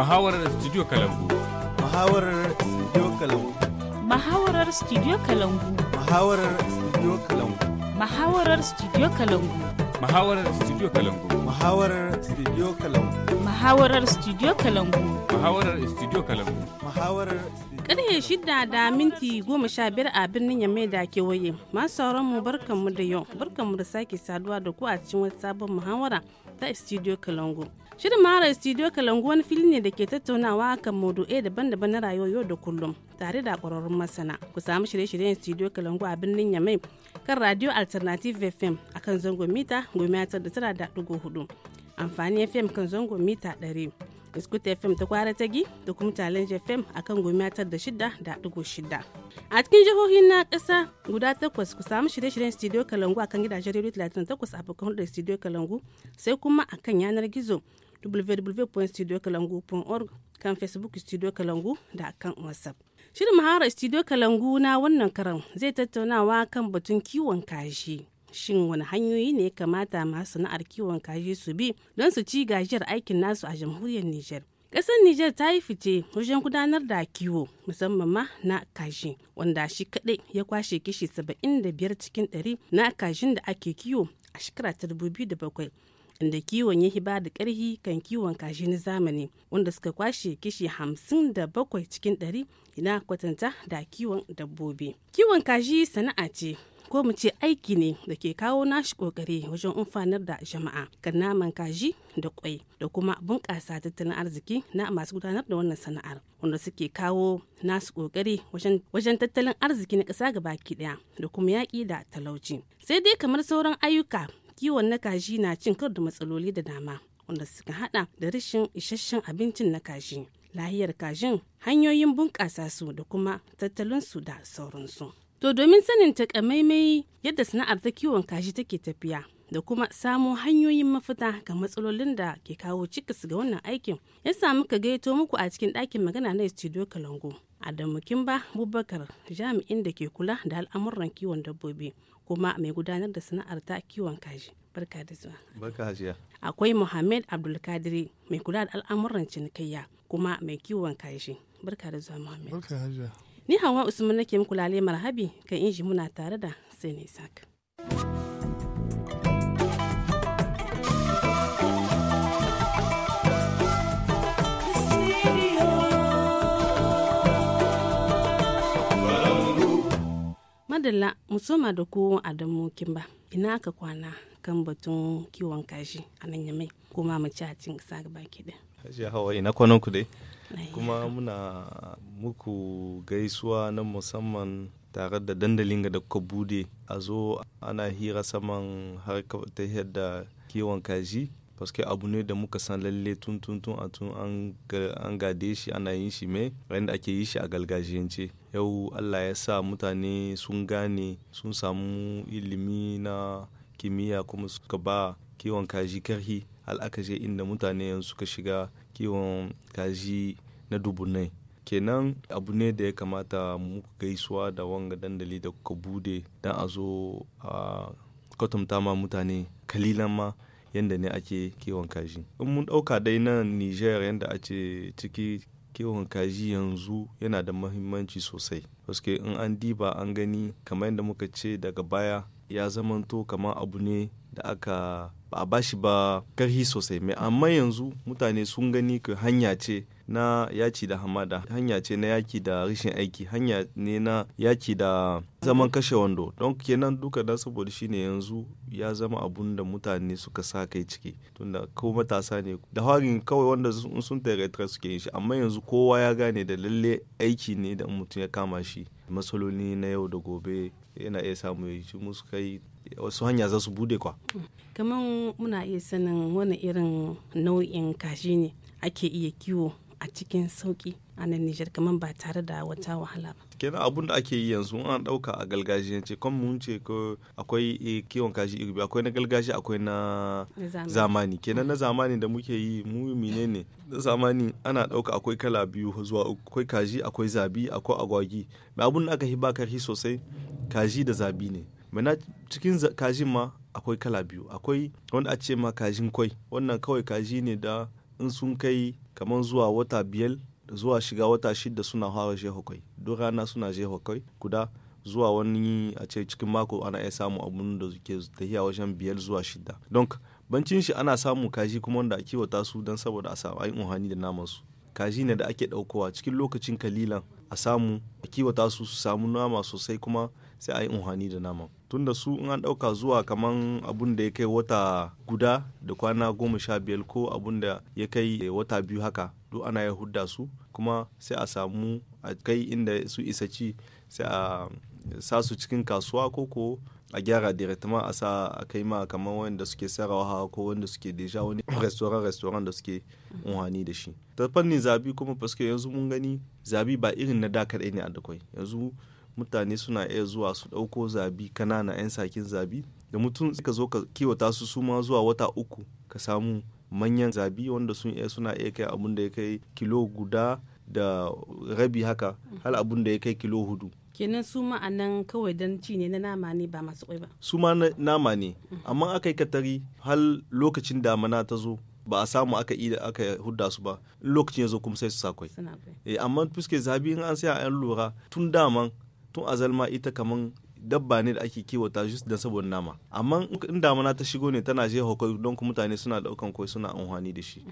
mahawarar Studio Kalangu. mahawarar Studio Kalangu. mahawarar Studio Kalangu. mahawarar Studio Kalangu. mahawarar Studio Kalangu. mahawarar Studio Kalangu. mahawarar Studio Kalangu. mahawarar Studio Kalangu. mahawarar Studio Kalangu. Mahawarar Karfe shida da minti goma sha biyar a birnin Yamai da kewaye. Masu sauran mu barkanmu da yau. Barkanmu da sake saduwa da ku a cikin wata sabon muhawara ta Studio Kalangu. Shirin Mara Studio Kalangu wani fili ne da ke tattaunawa kan maudu'ai daban-daban na rayuwar yau da kullum tare da ƙwararrun masana. Ku samu shirye-shiryen Studio Kalangu a birnin Yamai kan Radio Alternative FM a kan zango mita goma da da Amfani FM kan zango mita ɗari. Iskut FM ta kwara gi da kuma Challenge FM akan goma da shida da ɗigo shida. A cikin jihohi na ƙasa guda takwas ku samu shirye-shiryen Studio Kalangu a kan gidajen Radio 38 a bakon Studio Kalangu sai kuma a kan yanar gizo www.studiokalangu.org kan facebook studio kalangu da kan whatsapp shirin mahara studio kalangu na wannan karan zai tattaunawa kan batun kiwon kashi shin wani hanyoyi ne ya kamata masu sana'ar kiwon kashi su bi don su ci gajiyar aikin nasu a jamhuriyar niger Ƙasar Nijar ta yi fice wajen gudanar da kiwo musamman ma na kashi wanda shi kaɗai ya kwashe kishi 75 cikin 100 na kashin da ake kiwo a shekara ta 2007 inda kiwon ya hiba da karhi kan kiwon kashi na zamani wanda suka kwashe kishi hamsin da bakwai cikin ɗari na kwatanta da kiwon dabbobi kiwon kashi sana'a ce ko mu ce aiki ne da ke kawo nashi kokari wajen amfanar da jama'a kan naman kaji da kwai da kuma bunƙasa tattalin arziki na masu gudanar da wannan sana'ar wanda suke kawo nasu kokari wajen tattalin arziki na ƙasa gabaki ɗaya da kuma yaƙi da talauci sai dai kamar sauran ayyuka kiwon na kaji na cin kar da matsaloli da dama wanda suka hada da rashin isasshen abincin na kaji lahiyar kajin hanyoyin bunƙasa su da kuma tattalinsu da sauransu to domin sanin takamaimai yadda sana'ar ta kiwon kaji take tafiya da kuma samo hanyoyin mafita ga matsalolin da ke kawo cikas ga wannan aikin ya samu ka gaito muku a cikin ɗakin magana na studio kalango adamu kimba bubakar jami'in da ke kula da al'amuran kiwon dabbobi kuma mai gudanar da sana'ar ta kiwon kaji barka da zuwa barka hajiya akwai muhammad abdulkadiri mai kula da al'amuran cinikayya kuma mai kiwon kaji barka da zuwa muhammad barka hajiya ni hawa usman nake muku lalemar habi kan inji muna tare da sai sak madalla musoma da ko adamu kimba ina ka kwana kan batun kiwon kaji a nan yamai kuma mu ci a cikin ƙasa gaba ke da hajiya hawa ina kwanan ku dai kuma muna muku gaisuwa na musamman tare da dandalin da kuka bude a zo ana hira saman har ta da kiwon kaji paske abu ne da muka san lalle tun tun tun a tun an gade shi ana yin shi mai yadda ake yi shi a galgajiyance yau allah ya sa mutane sun gane sun samu ilimi na kimiyya kuma suka ba kiwon kaji karhi al'akashe inda mutane yanzu suka shiga kiwon kaji na dubunai kenan abu ne da ya kamata mu gaisuwa da wanga dandali da kuka bude don a zo a kwatanta ma mutane kalilan ma yadda ne ake kiwon kaji in mun ɗauka dai nan niger yadda ake ciki kiwon kaji yanzu yana da mahimmanci sosai paske in an diba an gani kamar yadda muka ce daga baya ya zamanto kamar abu ne da aka ba bashi ba karhi sosai mai amma yanzu mutane sun gani ka hanya ce na yaki da hamada hanya ce na yaki da rashin aiki hanya ne na yaki da zaman kashe wando don kenan duka da saboda shine yanzu ya zama abun da mutane suka sa kai ciki tunda ko matasa ne da harin kawai wanda sun tare suke yin shi amma yanzu kowa ya gane da lalle aiki ne da mutum ya kama shi masaloli na yau da gobe yana iya samu ya ci musu kai wasu hanya za su bude kwa kamar muna iya sanin wani irin nau'in kashi ne ake iya kiwo a cikin sauki a nan Nijar kamar ba tare da wata wahala ba. kena abun da ake yi yanzu an ɗauka a galgajiyance kan mun ce ko akwai eh, kiwon kaji irbi akwai na galgaji akwai na zamani kenan na zamani da muke yi mu ne na zamani ana ɗauka akwai kala biyu zuwa akwai kaji akwai zabi akwai agwagi mai abun da aka hiba ba karhi sosai kaji da zabi ne mana cikin kajin ma akwai kala biyu akwai wanda a ce ma kajin kwai wannan kawai kaji ne da in sun kai kamar zuwa wata biyar zuwa shiga wata shida suna fara jefa kai duk rana suna jefa kai guda zuwa wani a ce cikin mako ana iya samu abun da ke tafiya wajen biyar zuwa shida don bancin shi ana samu kaji kuma wanda a kiwata su don saboda a samu ayin unhani da naman su kaji ne da ake ɗaukowa cikin lokacin kalilan a samu a kiwata su su samu nama sosai kuma sai ayi unhani da naman tun da su in an ɗauka zuwa kaman abun da ya kai wata guda da kwana goma sha biyar ko abun da ya kai wata biyu haka duk ana ya hudda su kuma sai a samu a kai inda su isa ci sai a sa su cikin kasuwa ko ko a gyara directement a sa a kai ma kamar wanda suke sarrafa ko wanda suke deja wani restaurant restaurant da suke unhani da shi ta fannin zabi kuma paske yanzu mun gani zabi ba irin na da kadai ne a dakwai yanzu mutane suna iya zuwa su ɗauko zabi kanana 'yan sakin zabi da mutum ka zo ka kiwata su su ma zuwa wata uku ka samu manyan zabi wanda sun iya suna iya kai abun da ya kai kilo guda da rabi haka hal abun da ya kai kilo hudu kenan su ma anan kawai dan ci ne na nama ne ba masu kwai ba su ma nama ne amma aka yi katari hal lokacin damana ta zo ba a samu aka yi aka hudda su ba lokacin ya zo kuma sai su sakwai eh, amma fuske zabi in an sai an lura tun daman tun azalma ita kaman dabba ne da ake kiwata just da saboda nama amma in damana ta shigo ne tana jefa kwai don ku mutane suna daukan kwai suna amfani da shi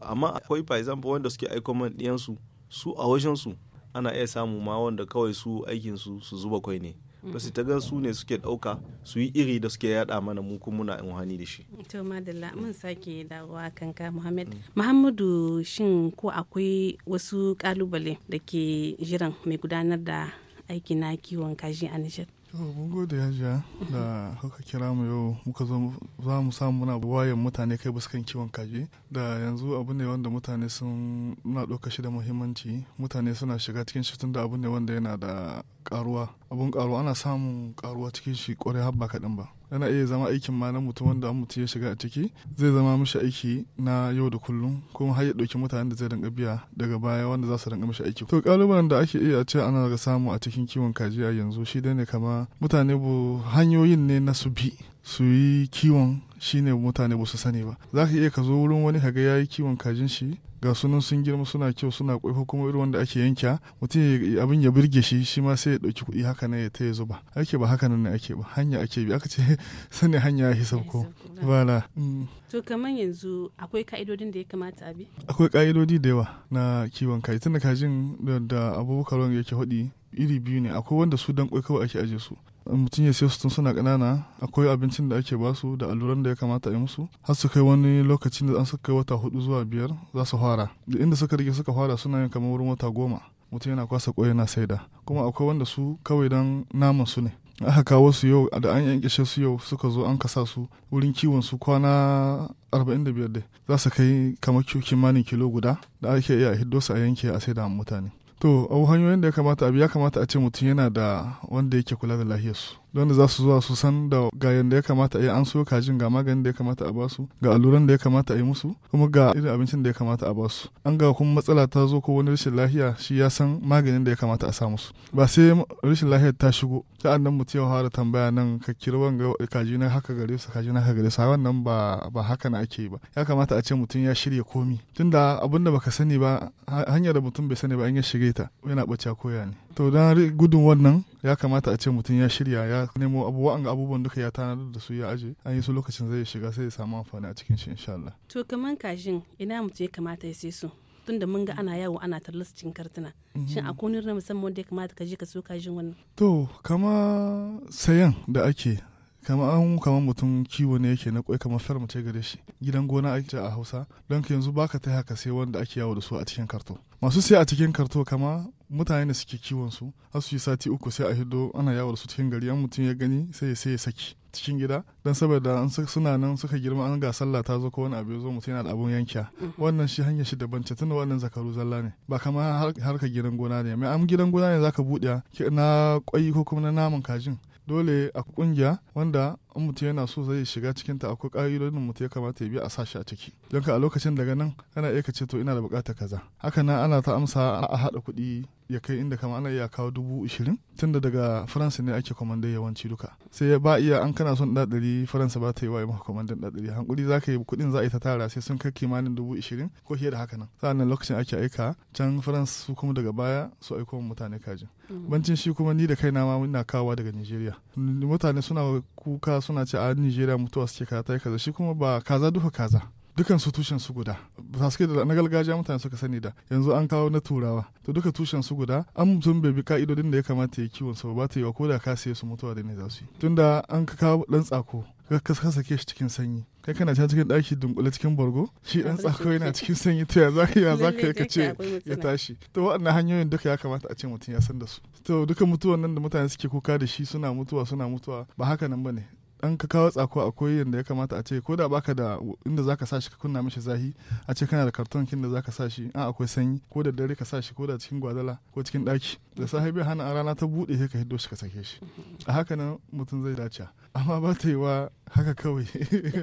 amma akwai for example wanda suke aiko man diyansu su a wajen su ana iya samu ma wanda kawai su aikin su su zuba kwai ne ba su ta su ne suke dauka su yi iri da suke yada mana mu kuma muna amfani da shi to madalla mun sake dawowa kanka muhammad muhammadu mm. shin ko akwai wasu kalubale da ke jiran mai gudanar da aiki na kiwon kaji a Nijar. mun gode hajiya da kuka kira mu yau muka zo za mu samu muna wayan mutane kai basu kiwon kaji da yanzu abu ne wanda mutane sun na ɗauka shi da muhimmanci mutane suna shiga cikin shi da abu ne wanda yana da karuwa abun karuwa ana samun karuwa cikin shi kwarai har ba kaɗan ba yana iya zama aikin ma na mutum wanda mutu ya shiga a ciki zai zama mishi aiki na yau da kullum kuma har ya ɗauki mutanen da zai dinga biya daga baya wanda za su dinga mishi aiki to kalubalen da ake iya ce ana ga samu a cikin kiwon kaji a yanzu shi dai ne kama mutane bu hanyoyin ne na su bi su yi kiwon shine mutane ba su sani ba za ka iya ka zo wurin wani kaga ya yi kiwon kajin shi ga sunan sun girma suna kyau suna kwaifa kuma irin wanda ake yanka mutum abin ya birge shi shi ma sai ya ɗauki kuɗi haka ne ya ta ya zuba ake ba haka nan ne ake ba hanya ake bi aka ce sani hanya ya hisab ko bala mm. to kamar yanzu akwai ka'idodin da ya kamata a bi akwai ka'idodi da yawa na kiwon kaji tunda kajin da abubakar wanda yake hudi iri biyu ne akwai wanda su dan kwai kawai ake aje su mutum ya siya su tun suna ƙanana akwai abincin da ake basu da alluran da ya kamata a yi musu har su kai wani lokacin da an suka kai wata hudu zuwa biyar za su fara da inda suka rike suka fara suna yin kamar wurin wata goma mutum yana kwasa ƙwai yana saida kuma akwai wanda su kawai dan naman su ne aka kawo su yau da an yankishe su yau suka zo an kasa su wurin kiwon su kwana 45 dai za su kai kamar kimanin kilo guda da ake iya hiddo su a yanke a saida mutane to abu hanyoyin da ya kamata abu ya kamata a ce mutum yana da wanda yake kula da lahiyarsu don za su zuwa su san da ga yadda ya kamata a yi an so kajin ga maganin da ya kamata a basu ga alluran da ya kamata a yi musu kuma ga irin abincin da ya kamata a basu an ga kuma matsala ta zo ko wani rashin lafiya shi ya san maganin da ya kamata a sa musu ba sai rashin lafiyar ta shigo ta annan mutum ya fara tambaya nan ka kira wanga kaji na haka gare su kaji na haka gare su wannan ba ba haka na ake yi ba ya kamata a ce mutum ya shirya komi tunda abin da baka sani ba hanyar da mutum bai sani ba an ya shige ta yana ɓace koya ne to don gudun wannan ya kamata a ce mutum ya shirya ya nemo abubuwan abubuwan duka ya tanadar da su ya aje an yi su lokacin zai shiga sai ya samu amfani a cikin shi insha Allah to kaman kashin ina mutum ya kamata ya sai su tunda mun ga ana yawo ana tallas cikin kartuna mhm. shin a konin na musamman da ya kamata ka je ka so kashin wannan to kama sayan da ake kama an kama mutum kiwo ne yake na kwai kamar farm ce gare shi gidan gona ake a Hausa don ka yanzu baka ta haka sai wanda ake yawo da su a cikin karto masu sai a cikin karto kama mutane da suke kiwon su har su yi sati uku sai a hiddo ana yawo da su cikin gari an mutum ya gani sai sai ya saki cikin gida dan saboda an suna nan suka girma an ga sallah ta zo ko wani abu zo mutum yana da abun yankiya mm-hmm. wannan shi hanyar shi daban ce tunda wannan zakaru zalla ne ba kamar harka gidan gona ne mai am gidan gona ne zaka bude na kwai ko kuma na naman kajin dole a kungiya wanda in mutum yana so zai shiga cikin ta akwai ƙa'idodin mutum ya kamata ya bi a sashi a ciki don ka a lokacin daga nan ana iya kace ce to ina da buƙatar kaza haka nan ana ta amsa a haɗa kuɗi ya kai inda kama ana iya kawo dubu ishirin tunda daga faransa ne ake kwamandai yawanci duka sai ba iya an kana son ɗaɗari faransa ba ta yi wa maka kwamandan ɗaɗari hankuli za ka yi kuɗin za a yi ta tara sai sun kai kimanin dubu ishirin ko fiye da haka nan sa'an lokacin ake aika can faransa su kuma daga baya su aiko mutane kajin mm. bancin shi kuma ni da kaina ma muna kawowa daga nigeria mutane suna kuka suna ce a Nigeria mutuwa suke kaza ta kaza shi kuma ba kaza duka kaza dukan su tushen su guda ba su da na gargajiya mutane suka sani da yanzu an kawo na turawa to duka tushen su guda an mutum bai bi ka'idodin da ya kamata ya kiwon su ba ta yi wa ko ka saye su mutuwa da ne za su yi tunda an ka kawo dan tsako ka sake shi cikin sanyi kai kana can cikin ɗaki dunkule cikin bargo shi ɗan tsako yana cikin sanyi ta ya zaka ya zaka ka ce ya tashi to waɗannan hanyoyin duka ya kamata a ce mutum ya san da su to duka mutuwan nan da mutane suke kuka da shi suna mutuwa suna mutuwa ba haka nan bane an ka kawo tsako a akwai yadda ya kamata a ce ko da baka da inda zaka sa shi ka kunna mishi zahi a ce kana da karton kin da zaka sa shi an akwai sanyi ko da dare ka sa shi ko da cikin gwadala ko cikin daki da sahibi hana a rana ta bude sai ka hiddo shi ka sake shi a haka nan mutum zai dace amma ba ta yi wa haka kawai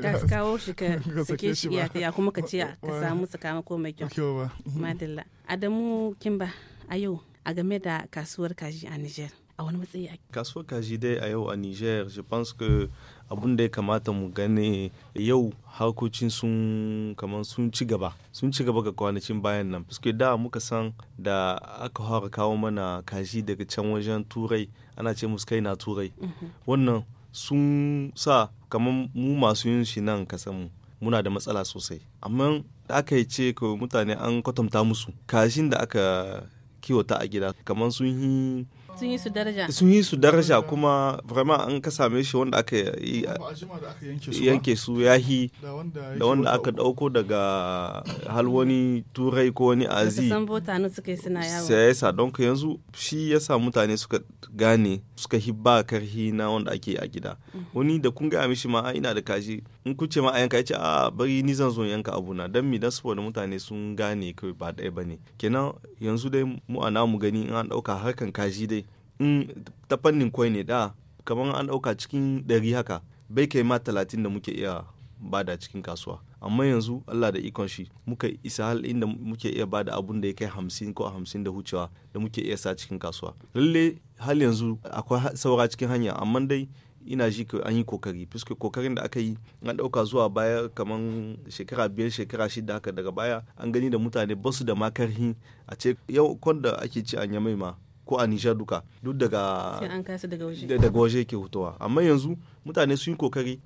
ka kawo shi ka sake shi ya ya kuma ka ce ka samu sakamako mai kyau madalla adamu kimba a yau a game da kasuwar kaji a Niger a wani matsayi ake kasuwar kaji dai a yau a niger je pense que abun da ya kamata mu gane yau harkokin sun kamar sun ci gaba sun ci gaba ga kwanacin bayan nan fuske da muka san da aka fara kawo mana kaji daga can wajen turai ana ce musu kai na turai mhm. wannan sun sa kamar mu masu yin shi nan kasan mu muna da matsala sosai amma da aka yi ce mutane an kwatanta musu kashin da aka kiwata a gida kamar sun yi sun yi su daraja sun yi su daraja kuma vraiment an ka same shi wanda aka yi yanke su ya yahi da wanda aka dauko daga halwani turai ko wani azi san botanu suka yi suna yawo sai yasa don ka yanzu shi yasa mutane suka gane suka hibba karhi na wanda ake a gida mm-hmm. wani da kun ga mishi ma ina da kaji in kuce ce ma a yanka yace a bari ni zan zo yanka abuna dan mi dan saboda mutane sun gane kai ba ɗaya bane kenan yanzu dai mu a namu gani in an dauka harkan kaji dai in ta fannin kwai ne da kamar an ɗauka cikin ɗari haka bai kai ma talatin da muke iya bada cikin kasuwa amma yanzu Allah da ikon shi muka isa hal inda muke iya bada abun da ya kai hamsin ko hamsin da hucewa da muke iya sa cikin kasuwa lalle hal yanzu akwai saura cikin hanya amma dai ina ji ka an yi kokari puisque kokarin da aka yi an dauka zuwa baya kamar shekara biyar shekara shida haka daga baya an gani da mutane basu da makarhi a ce yau kwanda ake ci an yamai ma ko a nisha duka duk daga daga waje ke hutuwa amma yanzu mutane sun yi kokari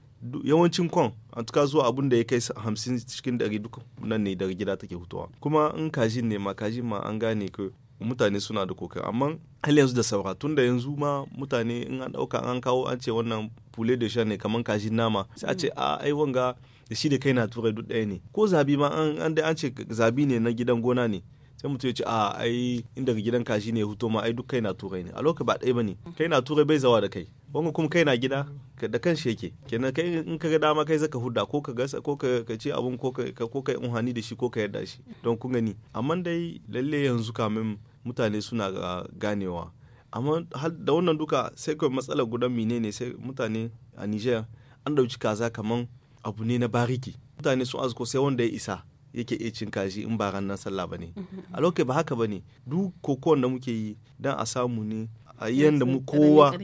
yawancin kwan an tuka zuwa abun da ya kai hamsin cikin dari duk nan ne daga gida take hutuwa kuma in kajin ne ma kajin ma an gane ko mutane suna da kokai amma har yanzu da saura tun da yanzu ma mutane in an ɗauka an kawo an ce wannan fule da sha ne kamar kashin nama sai a ce mm. a ai wanga da shi da kai na turai duk ɗaya ne ko zabi ma an an ce zabi ne na gidan gona ne sai mutum ya ce a ai daga gidan kashi ne huto ma ai duk kai na turai ne a lokacin ba ɗaya bane mm. kai na turai bai zawa da kai wanga kuma kai na gida mm. da kan shi yake kenan kai in ka ga dama kai zaka hudda ko ka gasa ko ka ci abun ko ka ko ka unhani da shi ko ka yarda shi don kun gani amma dai lalle yanzu kamin mutane suna ah, ganewa amma da wannan duka sai kawai matsalar gudan mine ne sai mutane a niger an dauki kaza kaman abu ne na bariki mutane sun azuko sai wanda ya isa yake iya cin kaji in ba ranar sallah ba ne mm-hmm. a lokacin ba haka ba ne duk kokon da muke yi don a samu ne a yadda mu kowa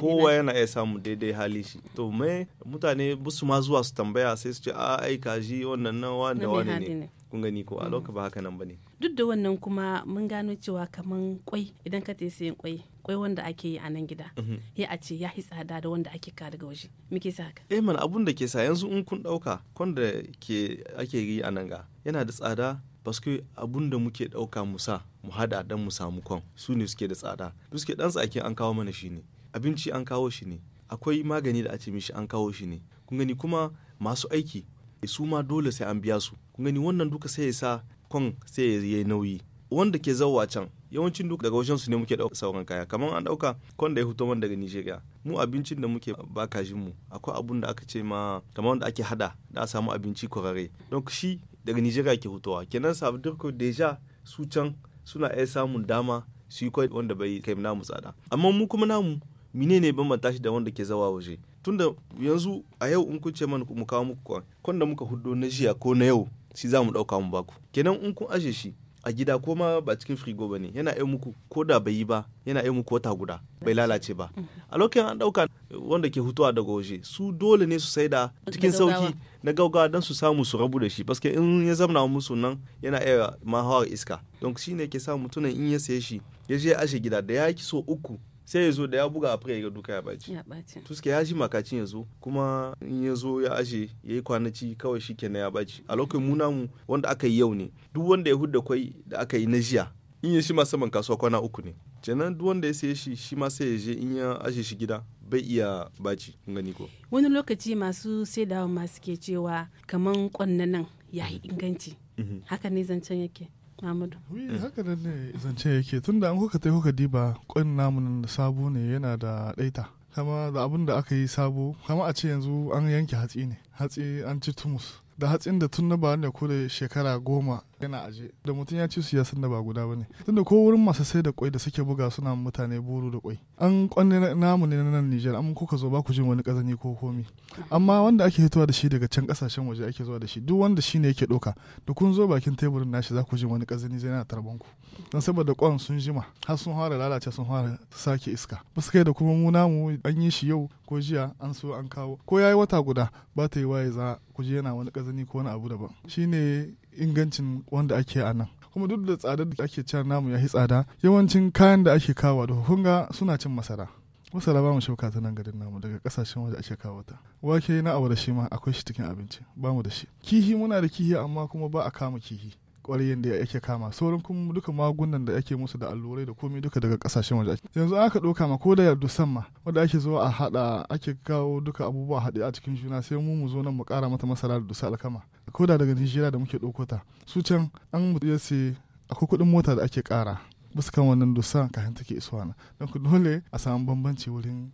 kowa yana iya samu daidai hali shi to mai mutane busu ma zuwa su tambaya sai su ce a ah, ai kaji wannan nan wani da wani ne kun gani ko a mm-hmm. lokacin ba haka nan ba ne duk da wannan kuma mun gano cewa kaman kwai idan ka yin kwai kwai wanda ake yi a nan gida mhm. ya a ce ya tsada da wanda ake ka daga waje muke sa haka eh mana abun da ke sa yanzu in kun dauka kwanda ke ake yi a nan ga yana da tsada paske abun da muke dauka musa mu hada dan mu samu kwan su ne suke da tsada suke dan tsakin an kawo mana shi ne abinci an kawo shi ne akwai magani da a ce mishi an kawo shi ne kun gani kuma masu aiki su ma dole sai an biya su kun gani wannan duka sai ya sa kong sai ya yi nauyi wanda ke zauwa can yawancin duk daga wajen su ne muke ɗauka sauran kaya kamar an ɗauka kon da ya fito man daga Nigeria mu abincin da muke ba kajin mu akwai abun da aka ce ma kamar wanda ake hada da a samu abinci kwararre don shi daga Nigeria ke hutowa kenan sabu dirko deja su can suna iya samun dama su yi wanda bai kai namu tsada amma mu kuma namu menene bambanta shi da wanda ke zawa waje tunda yanzu a yau in kun ce mana mu kawo muku kwan da muka hudo na jiya ko na yau shi za mu ɗauka mu baku kenan in kun aje shi a gida ko ma ba cikin firigo ba ne yana iya muku ko da bai yi ba yana iya muku wata guda bai lalace ba a lokacin an ɗauka wanda ke hutuwa daga waje su dole ne su sai da cikin sauki na gauga don su samu su rabu da shi paske in ya zamna musu nan yana iya hawa iska don shi ne ke sa mutumin in ya saye shi ya je ashe gida da ya ki so uku sai ya zo da ya buga afirka ya duka ya baci ya to ya ji makacin ya zo kuma in ya zo ya aje ya yi kwanaci kawai shi kenan ya baci a lokacin mu wanda aka yi yau ne duk wanda ya hudda kwai da aka yi na jiya in ya shi ma saman kasuwa kwana uku ne kenan duk wanda ya saye shi shi ma sai ya je in ya aje shi gida bai iya baci gani ko wani lokaci masu saidawa masu ke cewa kaman kwannanan ya yi inganci mhm. haka ne zancen yake Amadu. haka da ne zance yake tunda an kuka tai kuka diba kwan namun da sabo ne yana da daita. Kama da abin da aka yi sabo, kama a ce yanzu an yanke hatsi ne, hatsi an ci tumus. Da hatsin da tun na ba ne ko shekara goma yana aje da mutum ya ci siyasan da ba guda bane tunda ko wurin masu sai da kwai da suke buga suna mutane buru da kwai an kwanne namu ne na Nijar amma kuka zo ba ku jin wani kazani ko komi amma wanda ake hitowa da shi daga can kasashen waje ake zuwa da shi duk wanda shi ne yake doka da kun zo bakin teburin nashi za ku jin wani kazani zai na tarban ku dan saboda kwan sun jima har sun fara lalace sun fara sake iska ba su kai da kuma mu namu an yi shi yau ko jiya an so an kawo ko ya yi wata guda ba ta yi waye za ku je yana wani kazani ko wani abu daban shine ingancin wanda ake a nan kuma duk da tsadar da ake cewa namu ya yi tsada yawancin kayan da ake kawo da hunga suna cin masara masara ba mu shauka ta nan garin namu daga kasashen waje ake kawo ta wake na awa da shi ma akwai shi cikin abinci ba mu da shi kihi muna da kihi amma kuma ba a kama kihi kwarai da yake kama sauran kuma duka magungunan da ake musu da allurai da komai duka daga kasashen waje yanzu aka ɗauka ma ko da yardu ma wanda ake zuwa a haɗa ake kawo duka abubuwa haɗe a cikin juna sai mu mu zo nan mu ƙara mata masara da dusa alkama ko da daga nigeria da muke dokota su can an mutu ya ce akwai kuɗin mota da ake ƙara bisa kan wannan dusa kafin take isuwa na don ku dole a samu bambanci wurin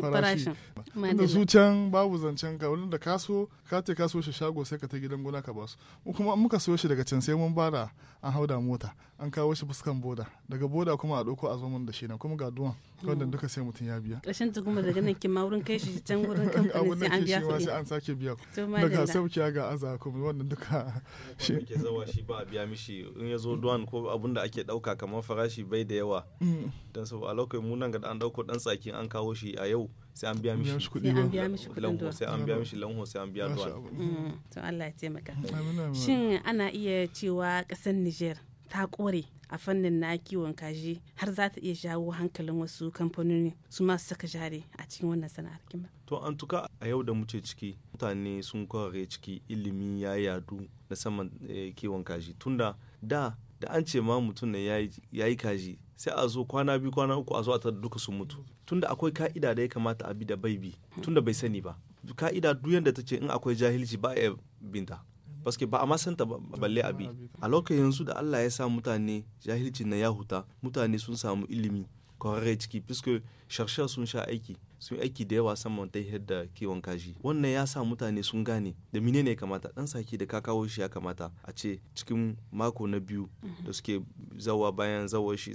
farashi da su can babu zancen ka wurin da so ka ka so shi shago sai ka ta gidan gona ka basu mu kuma muka siyo shi daga can sai mun bada an hau da mota an kawo shi fuskan boda daga boda kuma a ɗauko a zo mun da shi na kuma ga duwan wannan hmm. duka sai mutum ya biya ƙarshen ta kuma daga nan kin ma kai shi can wurin kamfani sai an biya kuɗi sai an sake biya daga sauki ga aza kuma wannan duka shi ke zawa shi ba a biya mishi in ya zo duwan ko abun da ake ɗauka kamar farashi bai da yawa hmm. dan saboda a lokacin mu nan ga an ɗauko ɗan tsakin an kawo shi a yau sai an biya mishi kuɗi sai an biya mishi lanho sai an biya duwan hmm. to Allah ya taimaka shin ana iya cewa ƙasar Niger ta kore a fannin na kiwon kaji har za ta iya jawo hankalin wasu kamfanoni su masu saka jari a cikin wannan sana'ar kima. To an tuka a yau da muke ciki mutane sun kware ciki ilimi ya yadu na saman eh, kiwon kaji tunda da da an ce ma mutum ne ya yi kaji sai a zo kwana biyu kwana uku a zo a tar duka sun mutu tunda akwai ka'ida da ya kamata a bi da bai bi tunda bai sani ba ka'ida duk yadda ta ce in akwai jahilci ba a binta paske ba a ma san santa balle abi a lokacin yanzu da Allah ya sa mutane jahilcin na ya huta mutane sun samu ilimi kwararre ciki puisque chercheurs sun sha aiki sun yi aiki da yawa saman ta da kiwon kaji wannan ya sa mutane sun gane da mine ne kamata dan saki da ka kawo shi ya kamata a ce cikin mako na biyu mhm. da suke zawa bayan zawar shi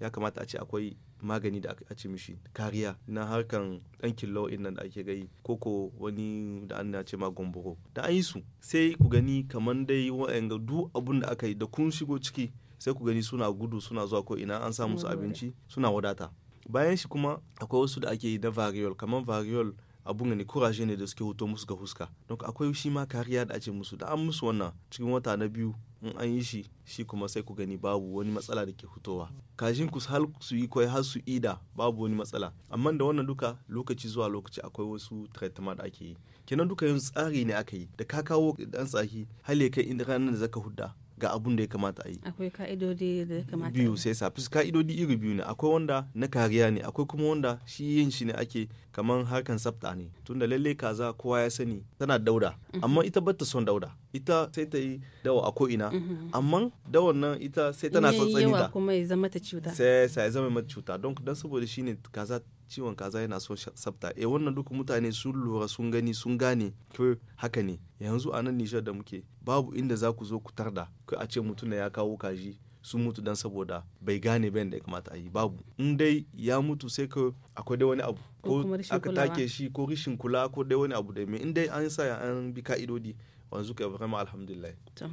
ya kamata a ce akwai magani da a ce mishi kariya na harkan dan killo nan da ake gai koko wani da an ce ma gomboro da an yi su sai ku gani kaman dai wa'anga duk abun da aka yi da kun shigo ciki sai ku gani suna gudu suna zuwa ko ina an sa musu abinci suna wadata bayan shi kuma akwai wasu da ake yi na variol kamar variol abun ne kuraje ne da suke hoto musu ga huska don akwai shi ma kariya da ake musu da an musu wannan cikin wata na biyu in an yi shi shi kuma sai ku gani babu wani matsala da ke hutowa kajin ku har su yi kwai har su ida babu wani matsala amma da wannan duka lokaci zuwa lokaci akwai wasu treatment da ake yi kenan duka yin tsari ne aka yi da ka kawo dan tsaki hale kai inda ranar da zaka hudda ga abun da ya kamata a yi akwai ka'idodi da ya kamata biyu sai sa ka'idodi iri biyu ne akwai wanda na kariya ne akwai kuma wanda shi yin shi ne ake kamar harkan tsafta ne tunda lalle kaza kowa ya sani tana dauda mhm. amma ita bata son dauda ita sai ta yi dawa a ko'ina mhm. amma dawan nan ita sai tana tsantsani da kuma ya zama ta cuta sai sai ya zama mata cuta don dan saboda shine kaza ciwon kaza yana son sabta eh wannan duk mutane sun lura sun gani sun gane ko haka ne yanzu a nan nishar da muke babu inda za ku zo ku tarda ko a ce mutum ya kawo kaji sun mutu dan saboda bai gane bayan da ya kamata a yi babu in dai ya mutu sai ka akwai dai wani abu ko aka take shi ko rishin kula ko dai wani abu da mai in dai an sa an bi ka'idodi wanzu ka yi alhamdulillah to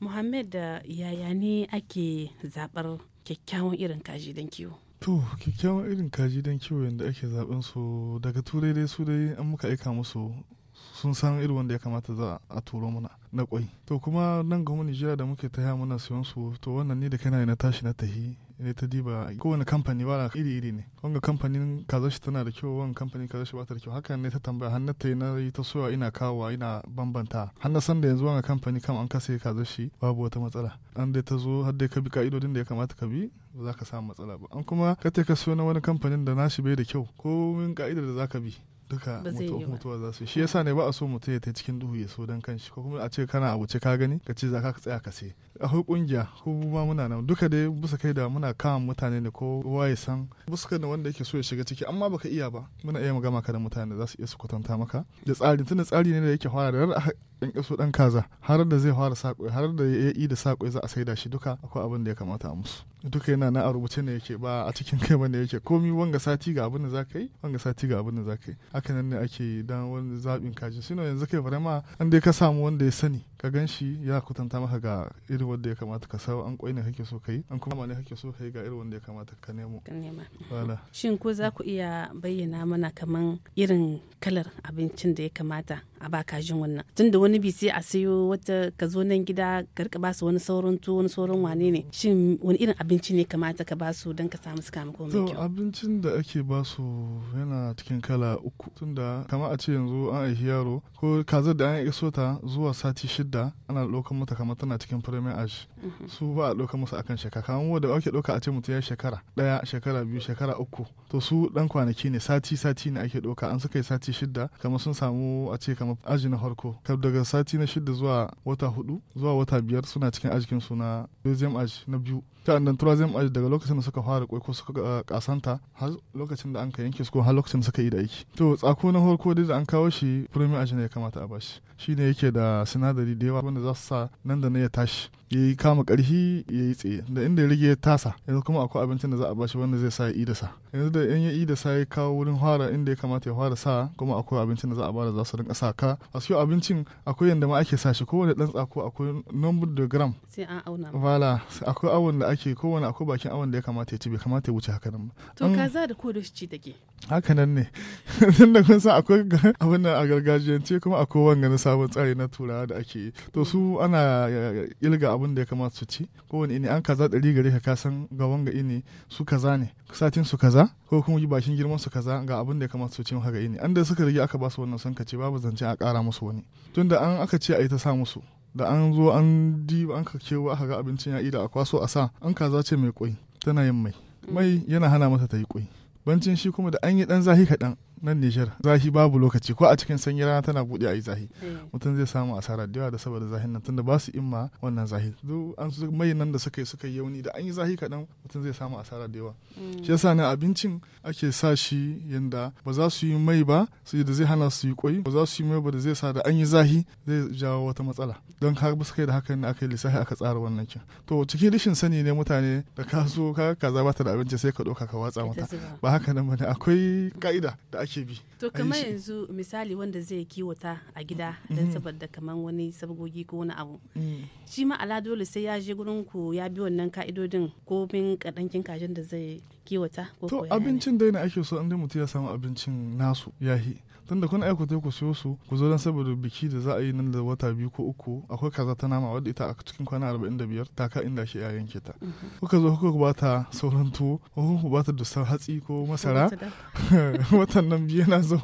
muhammad mm. yaya ne ake zabar kyakkyawan irin kaji don kiwo to kyakkyawan irin kaji don kiwo yadda ake zaben su daga turai dai su dai an muka aika musu sun san irin wanda ya kamata za a turo mana na kwai to kuma nan gwamnati Nigeria da muke taya mana siyan su to wannan ne da kana na tashi na tahi ne ta diba kowane kamfani ba iri iri ne wanga kamfanin kaza shi tana da kyau wanga kamfanin kaza shi ba ta da kyau hakan ne ta tambaya har ta yi na yi ta soya ina kawowa ina bambanta har san da yanzu wanga kamfani kam an kasa kaza shi babu wata matsala an dai ta zo har dai ka bi ka'idodin da ya kamata ka bi ba za ka samu matsala ba an kuma ka ka siyo na wani kamfanin da nashi bai da kyau ko min ka'idar da za ka bi duka mutuwa za su shi yasa ne ba a so mutum ya ta cikin duhu ya so dan kanshi ko kuma a ce kana a wuce ka gani ka ce za ka tsaya ka sai akwai kungiya ko ma muna nan duka dai busa kai da muna kama mutane ne ko waye san buska da wanda yake so ya shiga ciki amma baka iya ba muna iya magana ka da mutane za su iya su kwatanta maka da tsari tunda tsari ne da yake fara da dan kaso dan kaza har da zai fara sakwai har da ya yi da sakwai za a saida shi duka akwai abin da ya kamata a musu duka yana na a rubuce ne yake ba a cikin kai bane yake komi wanga sati ga abin da za ka yi wanga sati ga abin da za ka yi haka nan ne ake dan wani zaɓin kaji sino yanzu kai ma an dai ka samu wanda ya sani ka gan shi ya kutanta maka ga irin wanda ya kamata ka sau an kwai ne kake so ka yi an kuma ne kake so ka yi ga irin wanda ya kamata ka nemo nema shin ko za ku iya bayyana mana kaman irin kalar abincin da ya kamata a ba kajin wannan tun da wani sai a sayo wata ka zo nan gida ka rika ba su wani sauran tuwo wani sauran wane ne shin wani irin abin. abinci ne kamata ka basu don ka samu suka mako mai kyau abincin da ake ba su yana cikin kala uku tun da kama a ce yanzu an aiki yaro ko kaza da an iso ta zuwa sati shida ana ɗaukar mata kamar tana cikin premier age mhm. su ba a ɗaukar musu akan shekara kamar wanda ake ɗauka a ce mutum ya shekara ɗaya shekara biyu shekara uku to su ɗan kwanaki ne sati sati ne ake ɗauka an suka yi sati shida kamar sun samu a ce kamar aji na farko daga sati na shida zuwa wata hudu zuwa wata biyar suna cikin ajikin su na deuxième age na biyu ta nan turazim aji daga lokacin da suka fara kwai ko suka kasanta ah, har lokacin da an ka yanke su ko har lokacin da suka yi da aiki to tsako na farko dai da an kawo shi premier aji ne ya kamata a bashi shine yake da sinadari da yawa wanda za su sa nan da na ya tashi ya yi kama karfi ya yi tsaye da inda ya rage ya tasa yanzu kuma akwai abincin da za a bashi wanda zai sa ya da sa yanzu da in ya da sa ya kawo wurin fara inda ya kamata ya fara sa kuma akwai abincin da za a bada za su rinka sa ka a cikin abincin akwai yanda ma ake sa shi kowane dan tsako akwai number da gram sai an auna wala akwai awon da ake kowane akwai bakin awon da ya kamata ya ci bai kamata ya wuce haka nan ba to kaza da ko da shi take haka nan ne da kun san akwai abin a gargajiyance kuma akwai wanga na sabon tsari na turawa da ake yi to su ana ilga abin da ya kamata su ci ko wani ini an kaza ɗari gare ka kasan ga wanga ini su kaza ne satin su kaza ko kuma yi bakin girman su kaza ga abin da ya kamata su ci haka ini an da suka rige aka ba su wannan sanka ce babu zance a ƙara musu wani tunda an aka ce a yi ta sa musu da an zo an di an ka kewa aka ga abincin ya ida a kwaso a sa an kaza ce mai kwai tana yin mai mai yana hana mata ta yi kwai bancin shi kuma da an yi dan zahi kaɗan nan Nijar zahi babu lokaci ko a cikin sanyi rana tana buɗe a yi zahi eh. mutum zai samu asara da yawa da saboda zahin nan tunda ba su imma wannan zahi duk an su mai nan da suka yi suka yi yauni da an yi zahi kaɗan mutum zai samu asara da yawa mm. shi yasa ne abincin ake sa shi yanda ba za su yi mai ba su da zai hana su yi kwai ba za su yi mai ba da zai sa da an yi zahi zai jawo wata matsala don har ba su kai da hakan ne aka yi lissafi aka tsara wannan kin to cikin rashin sani ne mutane da ka zo ka kaza bata da abinci sai ka ɗauka ka watsa mata ba haka nan ba ne akwai ka'ida da ake ake bi to kamar yanzu misali wanda zai kiwata a gida mm. don mm. saboda kamar wani sabgogi ko wani abu mm. shi ma ala dole sai ya je gurin ku ya bi wannan ka'idodin ko bin kadankin kajin da zai kiwata ko to abincin dai na ake so an dai mutum ya samu abincin nasu yahi tunda kun aiko ku siyo su ku zo don saboda biki da za a yi nan da wata biyu ko uku akwai kaza ta nama wadda ita a cikin kwana arba'in da biyar ta ka inda shi ya yanke ta mhm. kuka zo kuka ba ta sauran tuwo ko ku ba ta dusar hatsi ko masara watan nan biyu na zo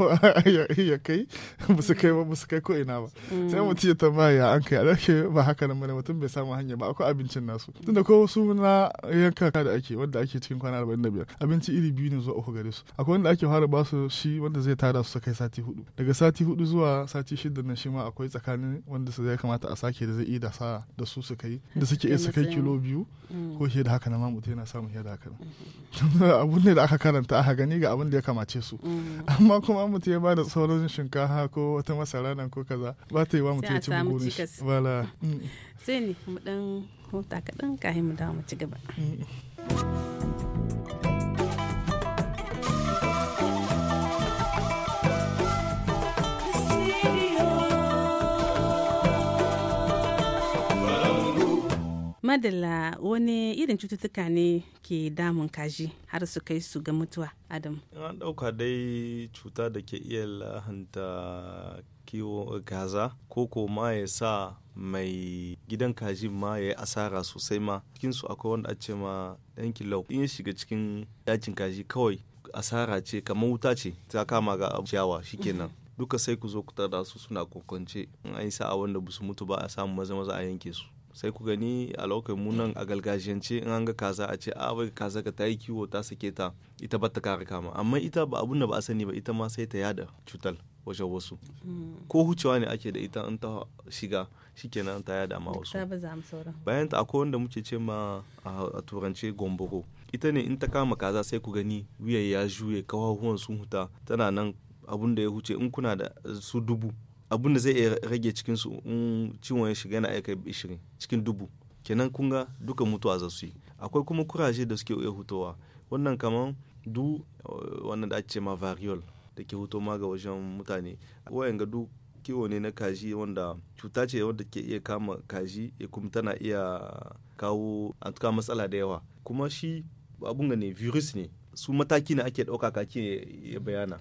ya kai ba su kai ba ba su kai ko ina ba sai mm. mutum ya tambaya an kai a ɗauke ba haka nan bane mutum bai samu hanya ba akwai abincin nasu tunda ko su na yanka da ake wanda ake cikin kwana arba'in da biyar abinci iri biyu ne zuwa uku gare su akwai wanda ake fara ba su shi wanda zai tara su kai sati sati hudu daga sati hudu zuwa sati shida na shi ma akwai tsakanin wanda su zai kamata a sake da zai iya dasa da su su kai da suke iya su kai kilo biyu mm. ko shi da haka na mamu yana samun shi da haka mm-hmm. abun ne da aka karanta aka gani ga abun da ya kamace su mm. amma kuma mutum ya ba da sauran shinkafa ko wata masara nan ko kaza ba ta yi wa mutum ya ci burin wala sai ne mu dan huta kaɗan kafin mu dawo mu ci gaba. Mm. madalla wani irin cututtuka ne ke damun kaji har su kai su ga mutuwa adam an ɗauka dai cuta da ke iya lahanta kiwo gaza ko ko ma ya sa mai gidan kaji ma ya yi asara sosai ma cikinsu akwai wanda ce ma ɗan kilau in ya shiga cikin dakin kaji kawai asara ce kamar wuta ce ta kama ga ciyawa shikenan duka sai ku zo ku tada su suna kokonce in an yi sa'a wanda ba su mutu ba a samu maza maza a yanke su sai ku gani a lokacin munan a galgajiyance in an ga kaza a ce a bai kaza ka ta yi kiwo ta sake ta ita ba ta kare kama amma ita ba abun da ba a sani ba ita ma sai ta yada cutar wajen wasu hmm. ko hucewa ne ake da ita in ta shiga shikenan ta yada ma wasu bayan ta akwai wanda muke ce ma a turance gomboro ita ne in ta kama kaza sai ku gani wuya ya juye kawahuwan sun huta tana nan abun da ya huce in kuna da su dubu abun da zai iya rage cikin su in ciwon ya shiga yana aika 20 cikin dubu kenan kun ga duka mutuwa za su yi akwai kuma kuraje da suke iya hutowa wannan kaman du eh, wannan da ake ma variol da ke huto ma ga wajen mutane wayan ga duk kiwo ne na kaji wanda cuta ce wanda ke iya kama kaji ya kuma tana iya kawo an matsala da yawa kuma shi abun ne virus ne su mataki ne ake ɗauka kaki ya bayana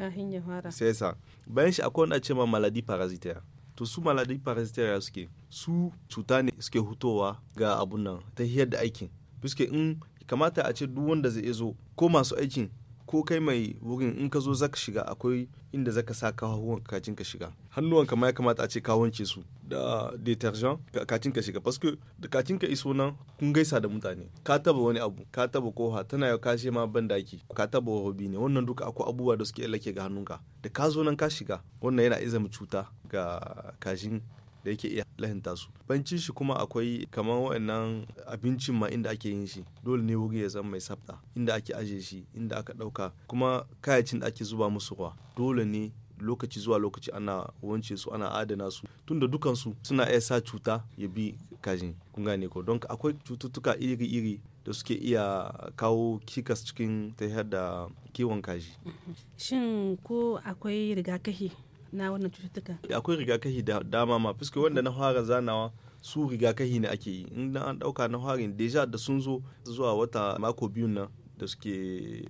sai sa bayan shi akwai wanda a ce ma maladi parasitaire to su maladi parasitaire suke su cuta ne suke hutowa ga abun nan ta hiyar da aikin biske in kamata a ce duk wanda zai zo ko masu aikin ko kai mai wurin in ka zo zaka shiga akwai inda zaka sa kawon kacin ka shiga ka ma ya kamata a ce ka wanke su da detergent kacin ka shiga paske da kacin ka iso nan kun gaisa da mutane ka taba wani abu ka taba koha tana yau ka ma ban daki ka taba hobi ne wannan duka akwai abubuwa da suke lake ga hannunka da ka zo nan ka shiga wannan yana izama cuta ga kajin. da yake iya lahinta su banci shi kuma akwai kamar wa'annan abincin ma inda ake yin shi dole ne wuri ya zama mai sabta inda ake aje shi inda aka ɗauka kuma kayacin da ake zuba musu kwa dole ne lokaci zuwa lokaci ana wance su ana adana su tunda dukansu suna iya sa cuta ya bi kajin kun gane ko don akwai cututtuka iri-iri da suke iya kawo kikas cikin ta da kiwon kaji shin ko akwai rigakafi na wannan cututtuka akwai rigakafi da dama ma fuska wanda na fara zanawa su rigakafi ne ake yi in an dauka na harin deja da sun zo zuwa wata mako biyu nan da suke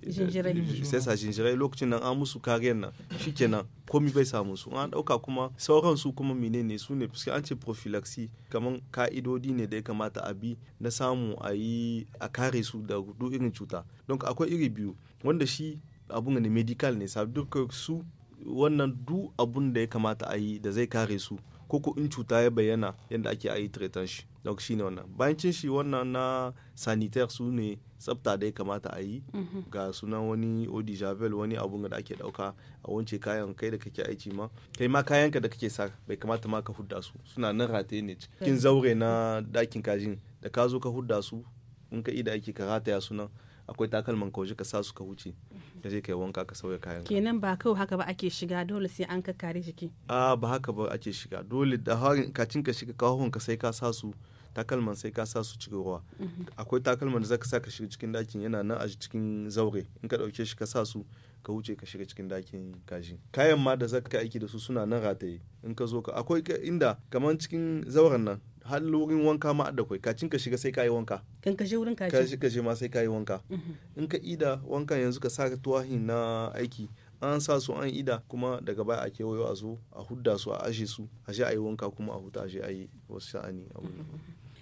eh, sa jinjirai lokacin nan an musu kariyar nan shikenan komi bai samu su an dauka kuma sauran su kuma menene su ne fuske an ce prophylaxis kaman ka'idodi ne da ya kamata a bi na samu a yi a kare su da duk irin cuta don akwai iri biyu wanda shi abun ne medical ne duk su wannan du abun da ya kamata a yi da zai kare su koko in cuta ya bayyana yadda ake a yi tretan shi don shi ne wannan bayan cin shi wannan na sanitaire su ne tsafta da ya kamata a yi mhm. ga sunan wani odi javel wani abun da ake dauka a wance kayan kai da kake aiki ma kai ma kayanka da kake sa bai kamata ma ka hudda su suna nan rataye ne cikin eh. zaure na dakin kajin da ka zo ka hudda su in ka ida ake ka rataya sunan akwai takalman kauji ka sa su ka wuce da je kai wanka ka sauya kayan kenan ba kawai haka ba ake shiga dole sai an ka kare jiki a ba haka ba ake shiga dole da harin kacin ka shiga kawon ka sai ka sa su takalman sai ka sa su cikin ruwa akwai takalman da zaka sa ka shiga cikin dakin yana nan a cikin zaure in ka dauke shi ka sa su ka wuce ka shiga cikin dakin kashi kayan ma da zaka aiki da su suna nan rataye in ka zo ka akwai inda kamar cikin zauren nan har wanka ma da kai kacin ka shiga sai kayi wanka kan ka wurin kacin ka je ma sai kayi wanka mhm. in ka ida wankan yanzu ka sa tuwahi na aiki an sa su an ida kuma daga baya a kewayo a zo a hudda su a ashe su a je ayi wanka kuma a huta a je a wasu sha'ani a wuri mhm.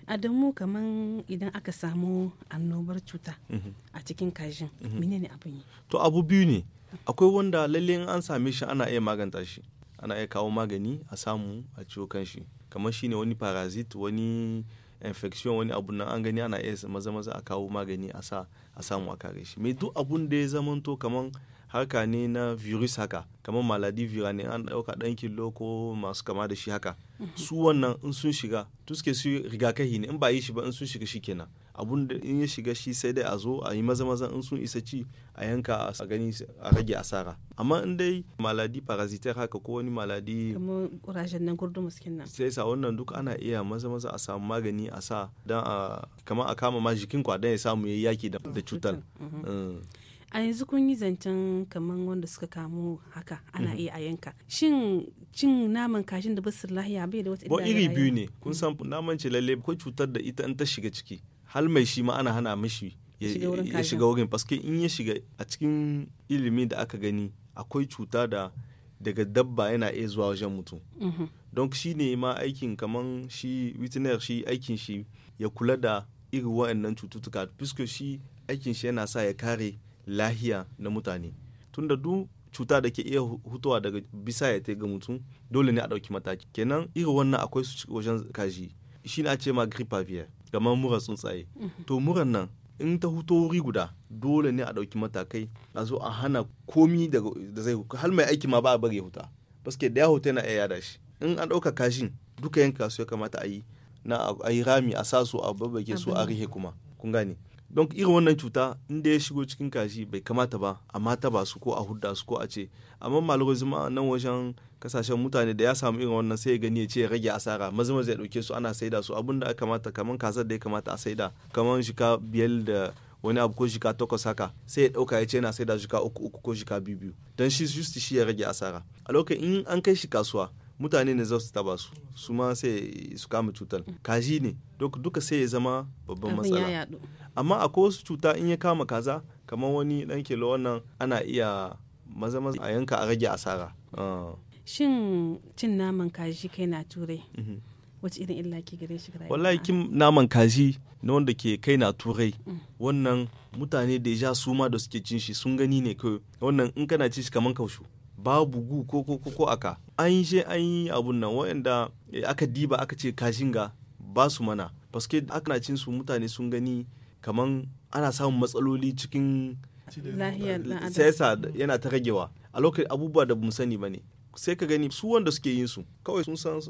adamu kaman idan aka samu annobar cuta mhm. a cikin kajin menene abin yi to abu biyu ne akwai wanda lalle an same shi ana iya maganta shi ana iya kawo magani a samu a ciwo kan shi kamar shine wani parasite wani infection wani abu nan an gani ana iya maza maza a kawo magani a sa a samu a kare shi mai duk abun da ya zamanto kamar harka ne na virus haka kamar maladi vira ne an dauka dan kilo ko masu kama da shi haka mhm. su wannan in sun shiga tuske su rigakahi ne in ba yi shi ba in sun shiga shi kenan abun da in ya shiga shi sai dai a zo a yi maza maza in sun isa ci a yanka a gani a rage asara amma in dai maladi parasitaire haka ko wani maladi sai sa wannan duk ana iya maza maza a samu magani a sa dan a kama a kama ma jikin kwadan ya samu yayi yaki da cutar mhm. mm. a yanzu kun yi zancen kamar wanda suka kamu haka ana mm. iya a yanka shin cin naman kashin da basu lahiya bai da wata iri biyu ne kun san naman ce lalle ko cutar da ita in ta shiga ciki hal mai shi ma ana hana mishi ya shiga wurin paske in ya shiga a cikin ilimi da aka gani akwai cuta da daga dabba yana iya zuwa wajen mutum mhm. don shi ne ma aikin kaman shi witner shi aikin shi ya kula da irin wa'annan cututtuka fuska shi aikin shi yana sa ya kare lahiya na mutane tunda duk cuta da ke iya hutuwa daga bisa ya ga mutum dole ne a ɗauki mataki kenan irin wannan akwai su wajen kaji shi ne a ce ma gripe aviaire kamar muran tsuntsaye mhm. to muran nan in ta huto wuri guda dole ne a ɗauki matakai a zo a hana komi da zai hal mai aiki ma ba a bari ya huta baske da ya huta yana iya yada shi in an ɗauka kashin duka yanka su ya kamata a yi na a yi rami a sa su a babbake su a rihe kuma kun gane don irin wannan cuta inda ya shigo cikin kashi bai kamata ba a mata ba su ko a hudda su ko a ce amma a nan wajen kasashen mutane da ya samu irin wannan sai ya gani ya ce ya rage asara mazima zai dauke su ana saida su abinda aka kamata kamar kasar da ya kamata a saida kamar shika biyar da wani abu ko shika takwas haka sai ya dauka ya ce yana saida shika uku uku ko shika biyu biyu don shi just shi ya rage asara a lokacin in an kai shi kasuwa mutane ne za su taba su su ma sai su kama cutar kaji ne duka sai ya zama babban matsala amma akwai wasu cuta in ya kama kaza kamar wani dan kilo wannan ana iya maza maza a yanka a rage asara ah. shin cin naman kaji kai na turai mhm. wace irin illa ke gare shi wallahi kin naman kaji na wanda ke kai na turai mm. wannan mutane da ja su ma da suke cin shi sun gani ne kai wannan in kana ci shi kaman kaushu babu gu ko ko ko aka an yi shi an yi abun nan wa'anda aka diba aka ce kashin ga ba su mana paske aka cin su mutane sun gani kaman ana samun matsaloli cikin siyasa yana ta ragewa a lokacin abubuwa da mu sani bane sai ka gani su wanda suke yin su kawai sun san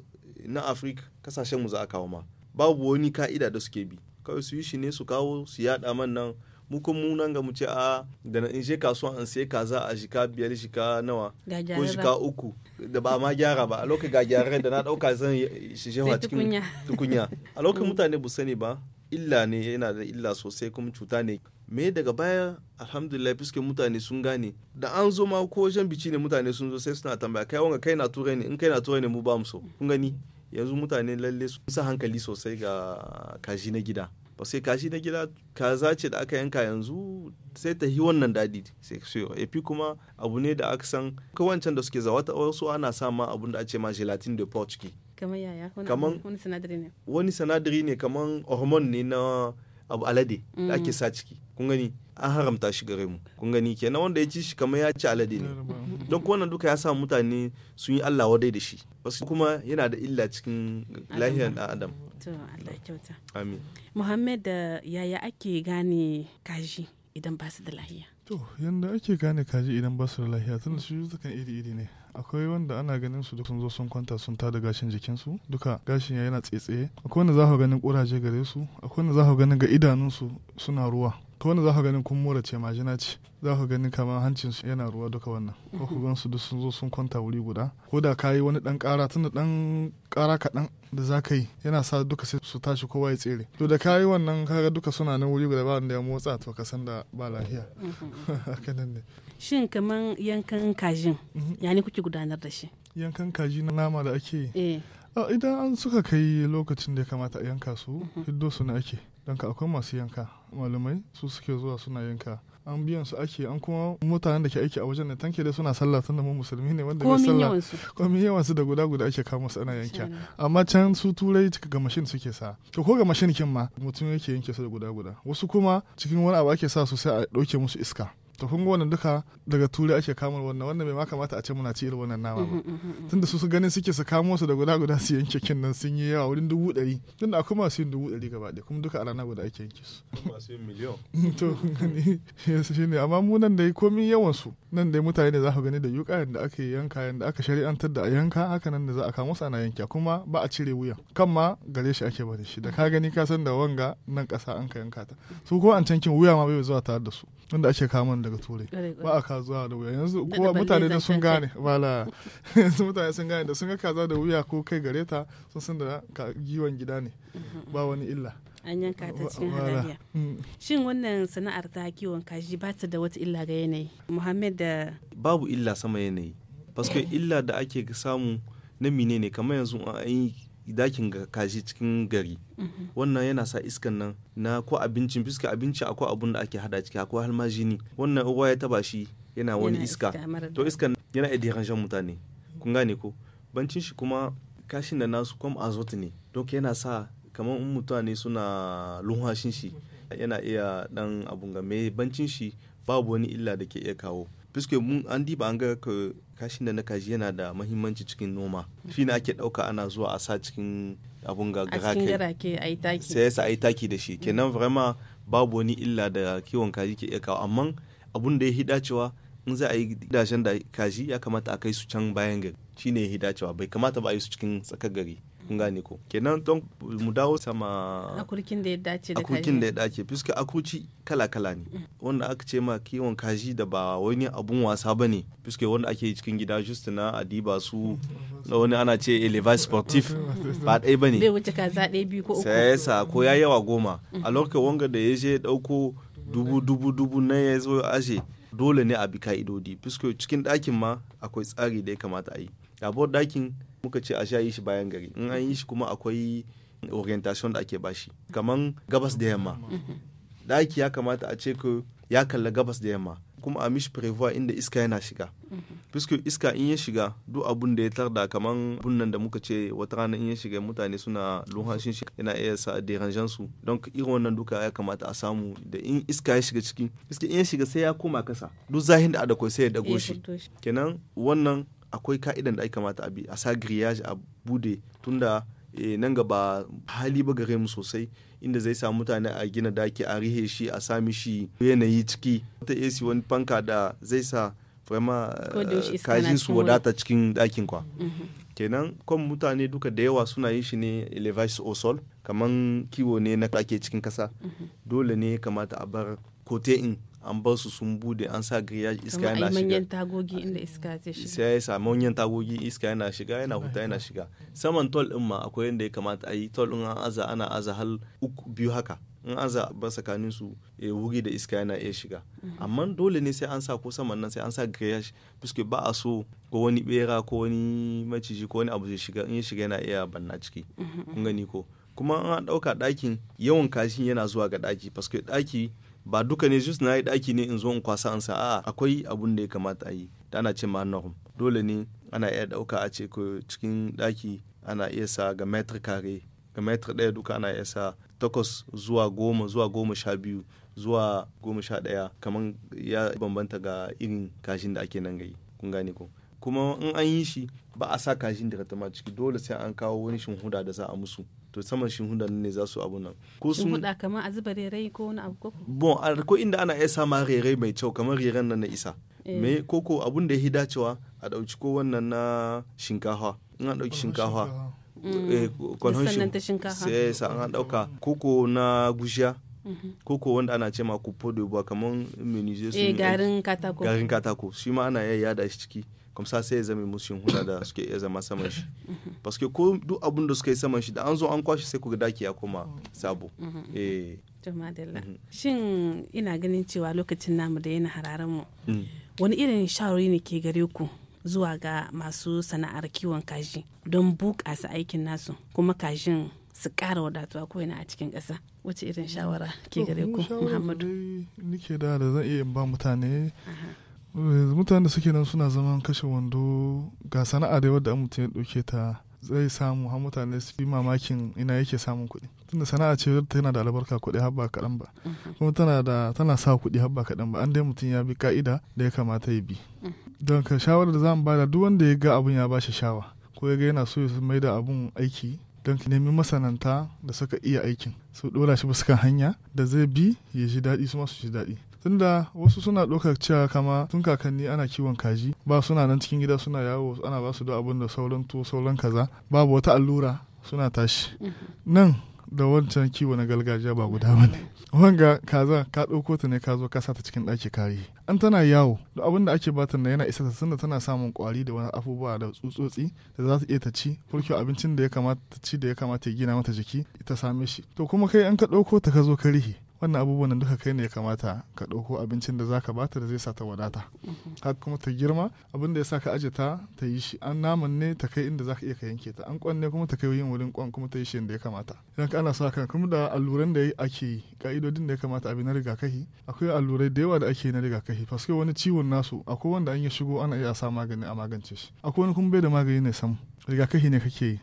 na afrika kasashen mu za a kawo ma babu wani ka'ida da suke bi kawai su yi shi ne su kawo su yada man nan mu kuma mu nan ga mu ce a da na in je kasuwa an sai za a shika biyar shika nawa ko shika uku da ba ma gyara ba a lokacin ga gyaran da na dauka zan shi shewa cikin tukunya a lokacin mm. mutane bu sani ba illa ne yana da illa sosai kuma cuta ne me daga baya alhamdulillah fiske mutane sun gane da an zo ma ko wajen bici ne mutane sun zo sai suna tambaya kai wanga kai na turai ne in kai na turai ne mu ba mu so kun gani yanzu mutane lalle sun sa hankali sosai ga kaji na gida ba sai kaji na gida kaza ce da aka yanka yanzu sai ta yi wannan daɗi sai so epi kuma abu ne da aka san wancan da suke zawata wasu ana sa ma abun da a ce ma gelatin de portuguese kamar yaya wani sinadari ne wani sinadari ne kamar hormone ne na abu alade da ake mm. sa ciki kun gani an haramta shi gare mu kun gani kenan wanda ya ci shi kamar ya ci alade ne don kuma duka ya sa mutane sun yi Allah wadai da shi wasu kuma yana da illa cikin lahiyar da adam to Allah kyauta amin Muhammad eh, yaya ake gane kaji idan ba su da lahiya to yanda ake gane kaji idan ba su da lahiya da su kan iri iri ne akwai wanda ana ganin su duk sun zo sun kwanta sun da gashin su duka gashin ya yana tsetse akwai wanda za ka ganin kuraje gare su akwai wanda za ka ganin ga idanunsu suna ruwa ko wani za ka ganin kun mura ce majina ce za ka gani kamar hancin su yana ruwa duka wannan mhm. ko ku gan su duk sun zo sun kwanta wuri guda ko da ka yi wani dan kara tunda dan kara kaɗan da za ka yi yana sa duka sai su tashi kowa ya tsere to da ka yi wannan kaga duka suna nan wuri guda ba wanda ya motsa to ka san da ba lafiya mhm. hakanan ne shin kaman yankan kajin mhm. ya ne kuke gudanar da shi yankan kaji na nama da ake yi eh. idan an suka kai lokacin da ya kamata a yanka su hiddo su na ake don ka akwai masu yanka malamai su suke zuwa suna yanka an biyan su ake an kuma mutanen da ke aiki a wajen ne tanke da suna sallah tunda mu musulmi ne wanda bai sallah komin yawan su da guda guda ake kawo musu ana yanka amma can su turai cika ga mashin suke sa to ko ga mashin kin ma mutum yake yanke su da guda guda wasu kuma cikin wani abu ake sa su sai a dauke musu iska to kun wannan duka daga turai ake kamar wannan wannan bai ma kamata a ce muna ci irin wannan nama ba mm-hmm, mm-hmm, mm-hmm. tunda su su ganin suke su kamo su da guda guda su yanke kin nan sun yi yawa wurin dubu ɗari tunda akwai masu yin dubu ɗari gaba ɗaya kuma duka a rana guda ake yanke su masu yin to gani yasu ne amma mu nan da komin yawan su nan dai mutane ne za ka gani da yuka yanda aka yanka yanda aka shari'antar da a yanka haka nan da za a kamo su ana yanka kuma ba a cire wuya kan ma gare shi ake bari shi da ka gani ka san da wanga nan ƙasa an ka yanka ta su ko an cankin wuya ma bai zuwa tare da su wanda ake kamun da daga turai ba a kazuwa da wuya yanzu kowa mutane da sun gane bala yanzu mutane sun gane da sun ga kaza da wuya ko kai gare ta sun san da giwon gida ne mhm. ba wani illa an yanka ta cikin halaliya mm. shin wannan sana'ar ta kiwon kaji ba ta da wata illa ga yanayi muhammad da babu illa sama yanayi paske illa da ake samu na menene kamar yanzu an yi dakin kashi cikin gari mhm. wannan yana sa iskan nan na ko abincin fiska abinci akwai abun da ake hada ciki akwai halma jini wannan uwa ya taba shi yana wani iska to iskan yana iya mutane kun gane ko bancin shi kuma kashin da nasu kwam azot ne don yana sa kamar in mutane suna lunhashin shi yana iya dan abun ga bancin shi babu wani illa da ke iya kawo puisque mun an diba an ga kashin da na kaji yana da mahimmanci cikin noma mm. shi na ake ɗauka ana zuwa a sa cikin abun ga garake sai yasa a yi taki da shi mm. kenan vraiment babu wani illa da kiwon kaji ke iya kawo amma abun da ya hida cewa in za a yi gidajen da kaji ya kamata a kai su can bayan gari shine ya hida cewa bai kamata ba a yi su cikin tsakar gari kun gane ko kenan don mu dawo sama akurkin da ya dace da akurkin da ya dace fuska akurci kala kala ne mm. wanda aka ce ma kiwon kaji da ba wani abun wasa bane fuska wanda ake cikin gida just na adiba su na wani ana ce eleva sportif ba ɗaya bane bai wuce za ɗaya biyu ko uku sai yasa ko ya yawa goma mm. a lokacin wanga da ya je ɗauko dubu dubu dubu na ya zo aje dole ne a bi ka'idodi fuska cikin ɗakin ma akwai tsari da ya kamata a yi abuwar ɗakin muka ce a sha yi shi bayan gari in an yi shi kuma akwai orientation da ake bashi kaman gabas da yamma ɗaki ya kamata a ce ko ya kalla gabas da yamma kuma a mishi prevoir inda iska yana shiga puisque iska in ya shiga duk abun da ya tarda kaman bunnan da muka ce wata rana in ya shiga mutane suna lumhashin shi yana iya sa deranjan su don irin wannan duka ya kamata a samu da in iska ya shiga ciki iska in ya shiga sai ya koma kasa duk zahin da adakwai sai ya dago shi kenan wannan akwai ka'idan da ai kamata a bi a sa grillage a bude tunda e, nan gaba hali ba gare mu sosai inda zai sa mutane a gina daki a rihe shi a sami shi yanayi ciki ta AC wani fanka da zai sa fama eh, kajin su wadata cikin dakin kwa mhm. kenan kwan mutane duka da yawa suna yin shi ne elevage o sol kaman kiwo ne na ake cikin kasa mhm. dole ne kamata a bar kote in an bar su sun bude an sa grillage iska yana shiga manyan tagogi inda iska zai shiga sai ya sa manyan tagogi iska yana shiga yana huta yana shiga saman tol din ma akwai yanda ya kamata a yi tol din an aza ana aza hal uku biyu haka in an ba tsakanin su eh, wuri da iska yana iya shiga mhm. amma dole ne sai an sa ko saman nan sai an sa grillage puisque ba a so ko wani bera ko wani maciji ko wani abu zai shiga in ya shiga yana iya banna ciki mhm, mhm. kun gani ko kuma an ɗauka ɗakin yawan kashin yana zuwa ga ɗaki paske ɗaki ba duka ne just na yi ɗaki ne in zo in kwasa an sa a akwai abun da ya kamata a yi da ana ce ma norm dole ne ana iya ɗauka a ce ko cikin ɗaki ana iya sa ga metr kare ga metr ɗaya duka ana iya sa takwas zuwa goma zuwa goma sha biyu zuwa goma sha ɗaya kamar ya bambanta ga irin kashin da ake nan gai kun gane ko kuma in an yi shi ba a sa kashin da ciki dole sai an kawo wani huda da za a musu to saman hudan ne za su abu nan ko sun hudu kamar a zuba rerai ko wani abu ko bon ko inda ana iya sama rerai mai kyau kamar reran nan na isa eh. me koko abun da ya dacewa a dauki ko wannan na shinkafa in an dauki shinkafa mm. eh, kwanhon shi sai sa an dauka koko na gushiya Mhm. ko wanda ana ce ma kupo de bois kamar menuisier eh, ne. garin katako garin katako shi ma ana yayya da shi ciki kamsa sai ya zama musu hula da suke iya zama saman shi mhm. paske ko duk abun da suka yi saman shi da an zo an kwashe sai ku ga daki ya koma sabo mhm. eh shin ina ganin cewa lokacin namu da yana hararen mu mm. wani irin shawarwari ne ke gare ku zuwa ga masu sana'ar kiwon kaji don bukasa aikin nasu kuma kajin su ƙara wadatuwa ko yana a cikin ƙasa wace irin shawara mm. ke gare ku muhammadu nike da da zan iya ba mutane eh, mutane suke nan suna zaman kashe wando ga sana'a da wadda mutum ya ɗauke ta zai samu har mutane su fi mamakin ina yake samun kuɗi tunda sana'a ce wadda tana da albarka kuɗi har ba kaɗan ba kuma tana da tana sa kuɗi har ba kaɗan ba an dai mutum ya bi ka'ida da ya kamata ya bi don ka shawarar da mu bada duk wanda ya ga abun ya bashi shawa ko ya ga yana so ya mai da abun aiki don ki nemi masananta da suka iya aikin su dora shi bisa hanya da zai bi ya ji daɗi su masu ji daɗi tunda wasu suna ɗaukar cewa kama tun kakanni ana kiwon kaji ba suna nan cikin gida suna yawo ana ba su da abin da sauran to sauran kaza babu wata allura suna tashi mhm. nan da wancan kiwo na gargajiya ba guda ba ne wanga kaza ka ɗauko ta ne ka zo ka sata cikin ɗaki kayi an tana yawo da abin da ake bata na yana isa ta tunda tana samun kwari da wani abubuwa da tsutsotsi da za ta iya ta ci furkiyo abincin da ya kamata ta ci da ya kamata ya gina mata jiki ita same shi to kuma kai an ka ɗauko ta ka zo ka rihe wannan abubuwan duka kai ne ya kamata ka ɗauko abincin da zaka bata da zai sa ta wadata mhm. har kuma ta girma abin da ya sa ka aje ta ta yi shi an naman ne ta kai inda zaka iya ka yanke ta an kwan ne kuma ta kai yin wurin kwan kuma ta yi shi inda ya kamata idan ka ana sa kan kuma da alluran da ake yi ka'idodin da ya kamata abin na rigakafi akwai allurai da yawa da ake na rigakafi paske wani ciwon nasu akwai wanda an ya shigo ana iya sa magani a magance shi akwai wani kuma bai da magani ne sam rigakafi ne kake yi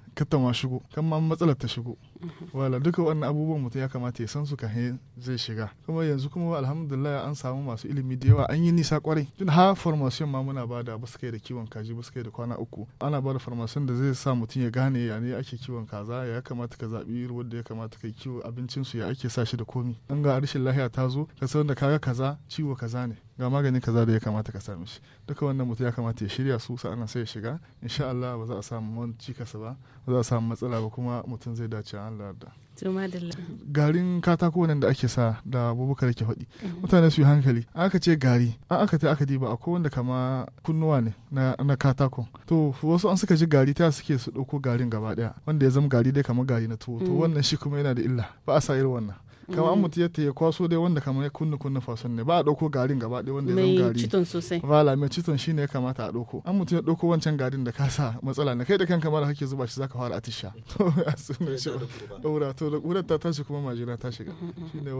shigo kan ma matsalar ta shigo mhm. wala duka wannan abubuwan mutum ya kamata ya san su kafin zai shiga kuma yanzu kuma alhamdulillah an samu masu ilimi da yawa an yi nisa kwarai tun ha formation ma muna bada su kai da kiwon kaji ba su kai da kwana uku ana bada formation da zai sa mutum ya gane ya ne ake kiwon kaza ya kamata ka zabi ruwan da ya kamata kai kiwo abincin su ya ake sa shi da komi an ga rashin lahiya ta zo ka san da kaga kaza ciwo kaza ne ga maganin kaza da ya kamata ka sami shi duka wannan mutum ya kamata ya shirya su sa'annan sai ya shiga insha Allah ba za a samu wani cikasa ba ba za a samu matsala ba kuma mutum zai dace Allah da garin katako nan da ake sa da abubakar ke faɗi mhm. mutane su yi hankali aka ce gari an aka ta aka diba akwai wanda kama kunnuwa ne na katako to wasu an suka ji gari ta suke su ɗauko garin gaba ɗaya wanda ya zama gari dai kama gari na tuwo to mhm. wannan shi kuma yana da illa ba a sa irin wannan kamar an mm-hmm. mutu ya kwaso dai wanda kamar ya kunna kunna fason ne ba a ɗauko garin gaba ɗaya wanda ya zama gari mai citon sosai vala mai citon shine ya kamata a ɗauko an mutu ya ɗauko wancan garin da kasa matsala ne kai da kanka mara kake zuba shi zaka fara atisha a sunan shi ɗaura to da ƙurar ta tashi kuma majina ta shiga mm-hmm. shine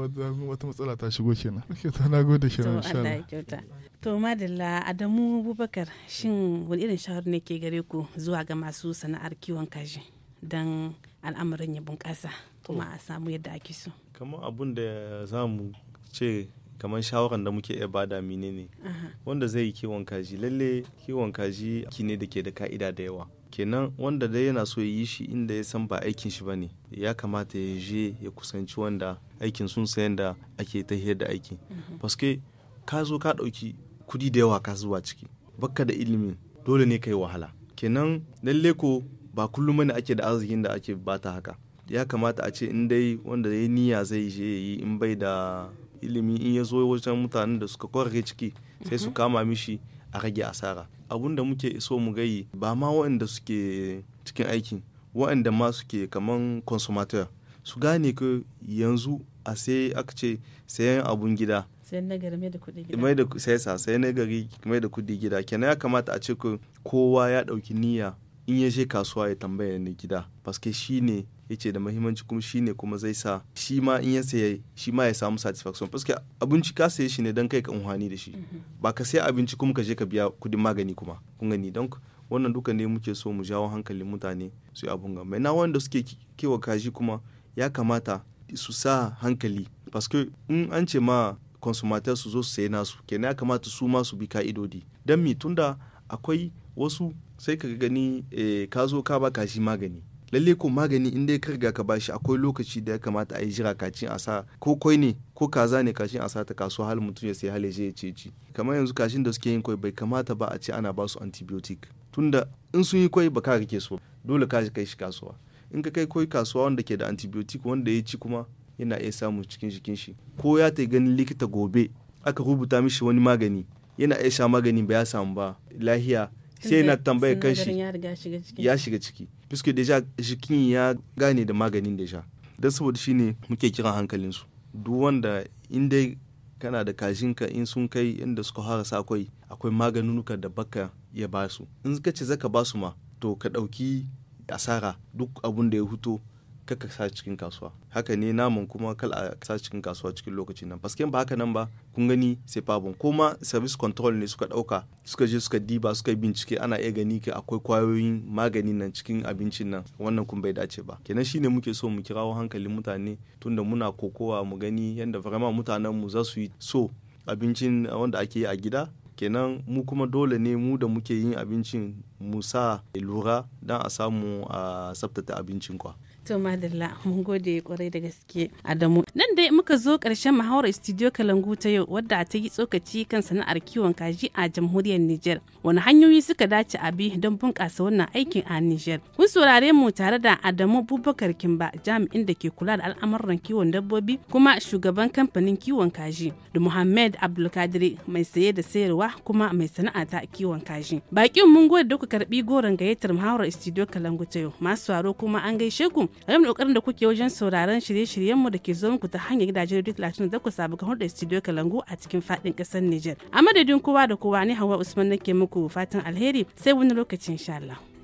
wata matsala ta shigo kenan ake ta na gode shi na insha Allah to madalla Adamu Bubakar shin wani irin shahar ne ke gare ku zuwa ga masu sana'ar kiwon kaji dan al'amarin ya bunƙasa kuma a samu yadda ake so kamar abun da za mu ce kamar shawarar da muke iya bada mine ne wanda zai yi kiwon kaji lalle kiwon kaji ki ne da ke da ka'ida da yawa kenan wanda dai yana so ya yi shi inda ya san ba aikin shi ba ne ya kamata ya je ya kusanci wanda aikin sun sayan da ake tahiyar da aiki mhm. paske ka zo ka ɗauki kudi da yawa ka zuwa ciki bakka da ilimin dole ne ka yi wahala kenan lalle ko ba kullum ne ake da arzikin da ake bata haka ya kamata a ce in dai wanda ya niyya zai je yi in bai da ilimi in ya zo wajen mutanen da suka kwarge ciki sai su mhm. kama mishi a rage asara abun da muke iso mu gayi ba ma waɗanda suke cikin aikin waɗanda ma suke kaman consumateur su gane ku yanzu a sai aka ce sayan abun gida sayan nagari mai da kuɗi gida kenan ya kamata a ce kowa ya ɗauki niyya in ya je kasuwa ya tambaya ne gida paske shi ne ya ce da mahimmanci kuma shi ne kuma zai sa shi ma in ya saye shi ma ya samu satisfaction paske abinci ka saye shi ne don kai ka unhani da shi mhm. ba ka sai abinci kuma ka je ka biya kudin magani kuma kun gani don wannan duka ne muke so mu jawo hankalin mutane su yi abun na wanda suke kewa kaji kuma ya kamata su sa hankali paske in an ce ma consumateur su zo su sayi nasu kenan ya kamata su ma su bi ka'idodi don mi tunda akwai wasu sai ka gani eh, ka zo ka ba shi magani lalle ko magani inda ya ka riga ka bashi akwai lokaci da ya kamata a yi jira kacin a sa ko kwai ne ko kaza ne kashin a ta kasuwa hal mutum ya sai hal ya ce ci kamar yanzu kashin da suke yin kwai bai kamata ba a ce ana ba su antibiotic tunda in sun yi kwai ba ka rike su dole ka kai shi kasuwa in ka kai kwai kasuwa wanda ke da antibiotic wanda ya ci kuma yana iya samu cikin jikin shi ko ya ta ganin likita gobe aka rubuta mishi wani magani yana iya sha magani ba ya samu ba lahiya sai yana kan kanshi ya shiga ciki fiske deja jikin ya gane da maganin deja don saboda shine muke kiran hankalinsu duk wanda in dai kana da kashinka in sun kai inda suka sa akwai akwai maganunuka da baka ya basu in ka ce zaka basu ma to ka ɗauki asara duk abun da ya huto kaka sa cikin kasuwa haka ne naman kuma kal a sa cikin kasuwa cikin lokacin nan paske ba haka nan ba kun gani sai fabon kuma service control ne suka dauka suka je suka diba suka yi bincike ana iya gani ke akwai kwayoyin magani nan cikin abincin nan wannan kun bai dace ba kenan shine muke so mu kirawo hankalin mutane tunda muna kokowa mu gani yanda vraiment mutanen mu za su yi so abincin wanda ake yi a gida kenan mu kuma dole ne mu da muke yin abincin mu sa lura don a samu a tsabtata abincin kwa To madalla mun gode kwarai da gaske Adamu. Nan dai muka zo ƙarshen muhawarar studio Kalangu ta yau wadda ta yi tsokaci kan sana'ar kiwon kaji a jamhuriyar Nijar. Wani hanyoyi suka dace a bi don bunƙasa wannan aikin a Nijar. Kun saurare mu tare da Adamu Bubakar Kimba jami'in da ke kula da al'amuran kiwon dabbobi kuma shugaban kamfanin kiwon kaji da Muhammad Abdulkadir mai saye da sayarwa kuma mai sana'a ta kiwon kaji. Bakin mun gode da ku karbi goron gayyatar muhawarar studio Kalangu ta yau. Masu kuma an gaishe ku game da kokarin da kuke wajen sauraron shirye-shiryenmu da ke zo muku ta hanyar gidajen radio kusa sabakan hulɗar studio kalangu a cikin faɗin ƙasar Nijar. A madadin kowa da kowa ne Hawa Usman nake muku fatan alheri sai wani lokacin insha Allah.